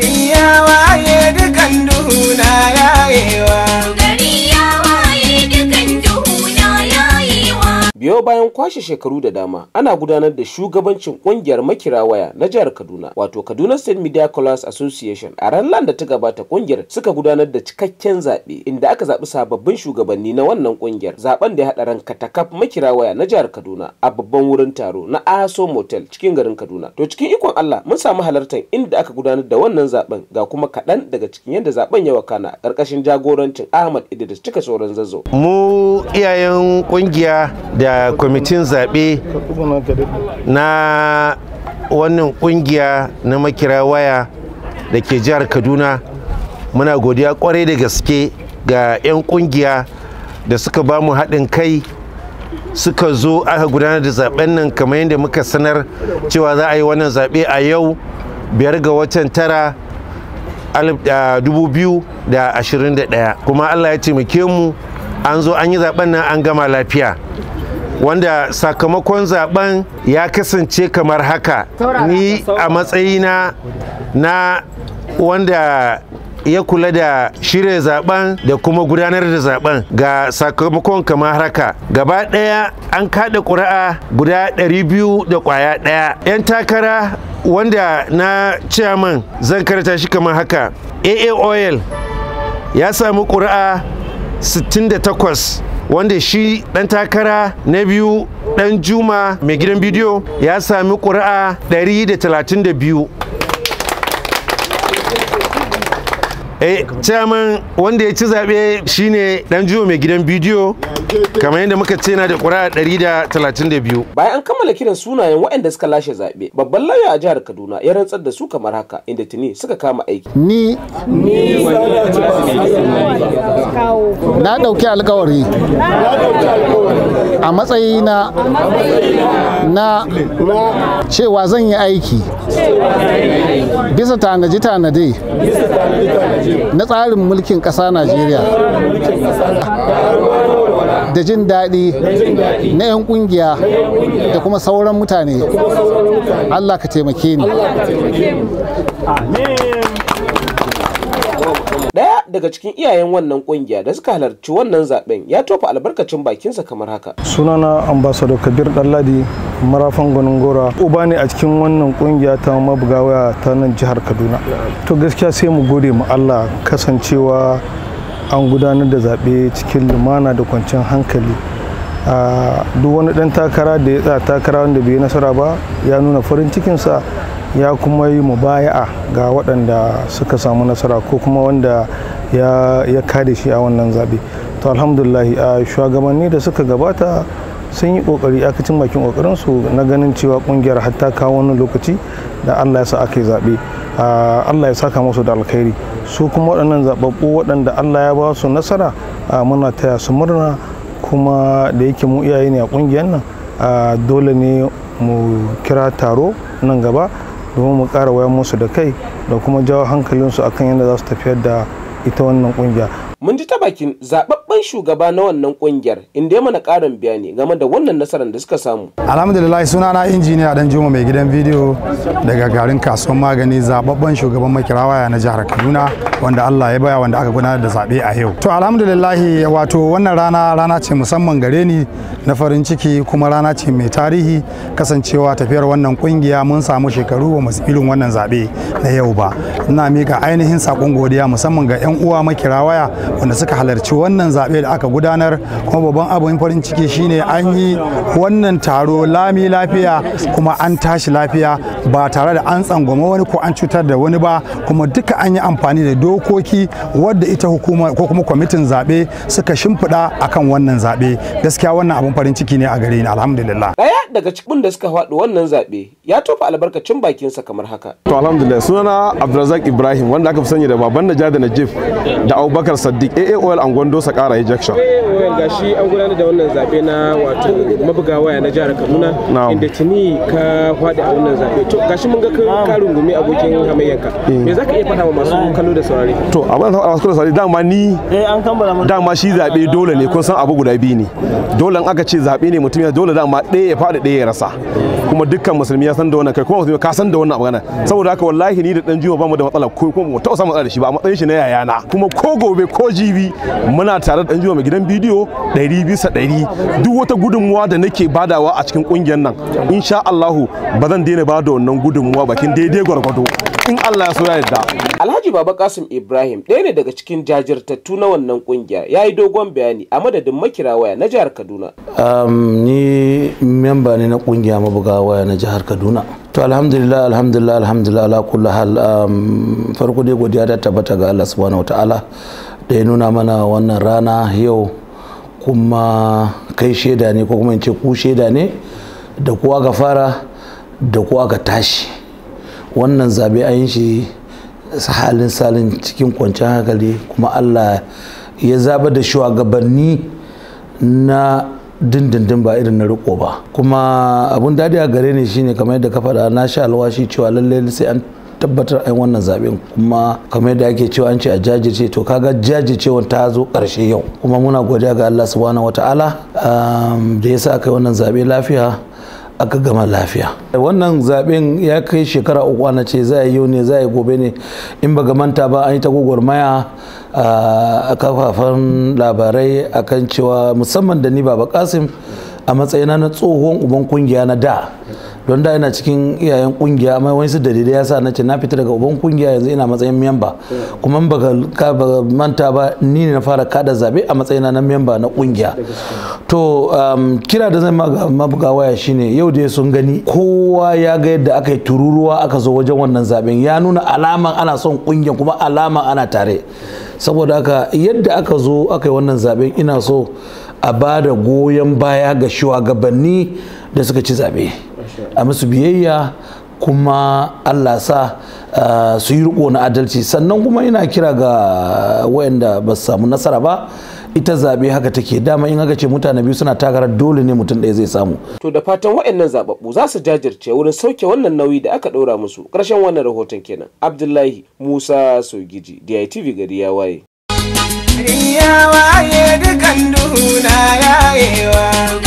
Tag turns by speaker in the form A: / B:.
A: shiryawa biyo bayan kwashe shekaru da dama ana gudanar da shugabancin kungiyar makira waya na jihar kaduna wato kaduna state media colors association a ran da ta gabata kungiyar suka gudanar da cikakken zaɓe inda aka zaɓi sababbin shugabanni na wannan kungiyar zaben da ya haɗa ran katakaf makira waya na jihar kaduna a babban wurin taro na aso motel cikin garin kaduna to cikin ikon allah mun samu halartar inda aka gudanar da wannan zaben ga kuma kaɗan daga cikin yadda zaben ya wakana ƙarƙashin jagorancin ahmad idris cika sauran zazzo
B: mu iyayen kungiya da kwamitin zaɓe na wannan ƙungiya na makira waya da ke jihar kaduna muna godiya kwarai da gaske ga 'yan ƙungiya da suka ba mu haɗin kai suka zo aka gudanar da zaɓen nan kamar yadda muka sanar cewa za a yi wannan zaɓe a yau biyar ga watan tara 2021 kuma allah ya taimake mu an zo an yi zaben nan an gama lafiya wanda sakamakon zaben ya kasance kamar haka ni a matsayina na wanda ya kula da shirya zaben da kuma gudanar da zaben ga sakamakon kamar haka gaba ɗaya an kaɗa ƙuri'a guda 200 da ƙwaya ɗaya 'yan takara wanda na chairman zan karanta shi kamar haka aa oil ya samu ƙuri'a 68 wanda shi dan takara na biyu dan juma mai gidan bidiyo ya sami ƙuri'a 132 eh chairman wanda ya ci zaɓe shine dan jiwo mai gidan bidiyo kamar yadda muka ce na da ƙura 132
A: bayan an kammala kiran sunayen waɗanda suka lashe zaɓe babban lauya a jihar kaduna ya rantsar da su kamar haka inda tuni suka kama aiki ni
C: na ɗauki alkawari a matsayina na cewa zan yi aiki
A: bisa tanaji tanadi na tsarin mulkin ƙasa najeriya da jin daɗi na 'yan ƙungiya da kuma sauran mutane allah ka taimake ni daga cikin iyayen wannan kungiya da suka halarci wannan zaben ya tofa albarkacin bakinsa kamar haka.
C: Sunana ambassador Kabir Dalladi marafan gwanin gora uba ne a cikin wannan kungiya ta mabuga waya ta nan jihar Kaduna. To gaskiya sai mu gode mu Allah kasancewa an gudanar da zaɓe cikin lumana da kwanciyar hankali. Ah, duk wani ɗan takara da ya tsaya takara wanda bai nasara ba ya nuna farin cikinsa ya kuma yi mubaya'a ga waɗanda suka samu nasara ko kuma wanda ya kare shi a wannan zaɓe to alhamdulahi a shugabanni da suka gabata sun yi kokari akacin bakin kokarin su na ganin cewa ƙungiyar hatta kawo wani lokaci da Allah ya sa aka yi zaɓe Allah ya saka musu da alkhairi su kuma waɗannan zaɓaɓɓu waɗanda Allah ya ba su nasara muna taya su murna kuma da yake mu iyaye ne a kungiyar nan dole ne mu kira taro nan gaba domin mu kara wayan musu da kai da kuma jawo hankalinsu akan yadda za su tafiyar da ita wannan kungiya
A: mun ji ta bakin zababben shugaba na wannan ƙungiyar, inda ya mana karin bayani game da wannan nasarar da suka samu
C: alhamdulillah suna na injiniya dan juma mai gidan bidiyo daga garin kasuwan magani zababben shugaban makirawaya na jihar kaduna wanda allah ya baya wanda aka gudanar da zaɓe a yau to alhamdulillah wato wannan rana rana ce musamman gare ni na farin ciki kuma rana ce mai tarihi kasancewa tafiyar wannan kungiya mun samu shekaru ba masu irin wannan zaɓe na yau ba ina mika ainihin sakon godiya musamman ga yan uwa makirawaya wanda suka halarci wannan zaɓe da aka gudanar kuma babban abin farin ciki shine an yi wannan taro lami lafiya kuma an tashi lafiya ba tare da an tsangwama wani ko an cutar da wani ba kuma duka an yi amfani da dokoki wadda ita hukuma ko kuma kwamitin zaɓe suka shimfiɗa akan wannan zaɓe gaskiya wannan abin farin ciki ne a gare ni alhamdulillah
A: ɗaya daga cikin da suka faɗi wannan zaɓe ya tofa albarkacin bakin sa kamar haka
C: to alhamdulillah sunana
A: abdulrazak ibrahim wanda aka fi sani da baban najada najib da abubakar Sadiq sadiq aa oil an gondo
C: sa kara ejection
A: ga an gudanar da wannan zabe na wato mabuga waya na jihar kaduna inda tuni ka fadi a wannan zabe to gashi mun ga ka gumi abokin hamayyanka eh. me zaka iya faɗa wa masu kallo da saurare to abin da masu kallo da saurare dama ni eh, dama shi zabe dole ne kun san abu guda biyu ne dole an aka ce zabe ne mutum ya dole dama ɗaya ya faɗi ɗaya ya rasa kuma dukkan musulmi ya san da wannan kai kuma musulmi ka san da wannan magana saboda haka wallahi ni da dan juma ba mu da matsala ko kuma mu taɓa samu matsala da shi ba a matsayin shi na yayana kuma ko gobe ko jibi muna tare da dan juma mai gidan bidiyo 100 bisa 100 duk wata gudunmuwa da nake badawa a cikin kungiyar nan insha Allahu ba zan daina ba da wannan gudunmuwa bakin daidai gwargwado in Allah ya so ya yarda Alhaji Baba Kasim Ibrahim ɗaya ne daga cikin jajirtattu na wannan kungiya ya yi dogon bayani a madadin makira waya na jihar Kaduna
D: ni memba ne na kungiya mabuga waya na jihar Kaduna to alhamdulillah alhamdulillah alhamdulillah ala kulli hal farko dai godiya da tabbata ga Allah subhanahu ta'ala da ya nuna mana wannan rana yau kuma kai shaida ne ko kuma in ce ku shaida ne da kuwa ga fara da kuwa ga tashi wannan zabe an yi shi halin salin cikin kwanciyar hankali kuma allah ya zaba da shugabanni na dindindin ba irin na riko ba kuma abun dadi a gare ni shine kamar yadda ka faɗa na sha alwashi cewa lallai sai an tabbatar an wannan zaben kuma kamar yadda ake cewa an ce a jajirce to kaga jajircewan ta zo karshe yau kuma muna godiya ga Allah subhanahu wataala um, da yasa aka yi wannan zabe lafiya a gama lafiya wannan zaben ya kai shekara uku ana ce za a yi yau ne za a yi gobe ne in ba manta ba an yi ta gwagwarmaya a kafafen labarai akan cewa musamman da ni baba kasim a matsayina na tsohon uban kungiya na da don da ina cikin iyayen kungiya amma wani su dalilai yasa na ce na fita daga uban kungiya yanzu ina matsayin memba kuma ka manta ba ni ne na fara kada zabe a matsayin na memba na kungiya to um, kira da zan maga mabuga waya shine yau da sun gani kowa ya ga yadda aka yi tururuwa aka zo wajen wannan zaben ya nuna alaman ana son kungiya kuma alaman ana tare saboda haka yadda aka zo aka yi wannan zaɓen ina so a ba da goyon baya ga shugabanni da suka ci zaɓe a musu biyayya kuma Allah sa su yi riko na adalci sannan kuma ina kira ga wayanda ba su samu nasara ba ita zabe haka take dama in haka ce mutane biyu suna takarar dole ne mutum ɗaya zai samu
A: to da fatan waɗannan zababbu za su jajirce wurin sauke wannan nauyi da aka ɗora musu ƙarshen wannan rahoton kenan abdullahi musa sogiji DITV gari ya waye ya waye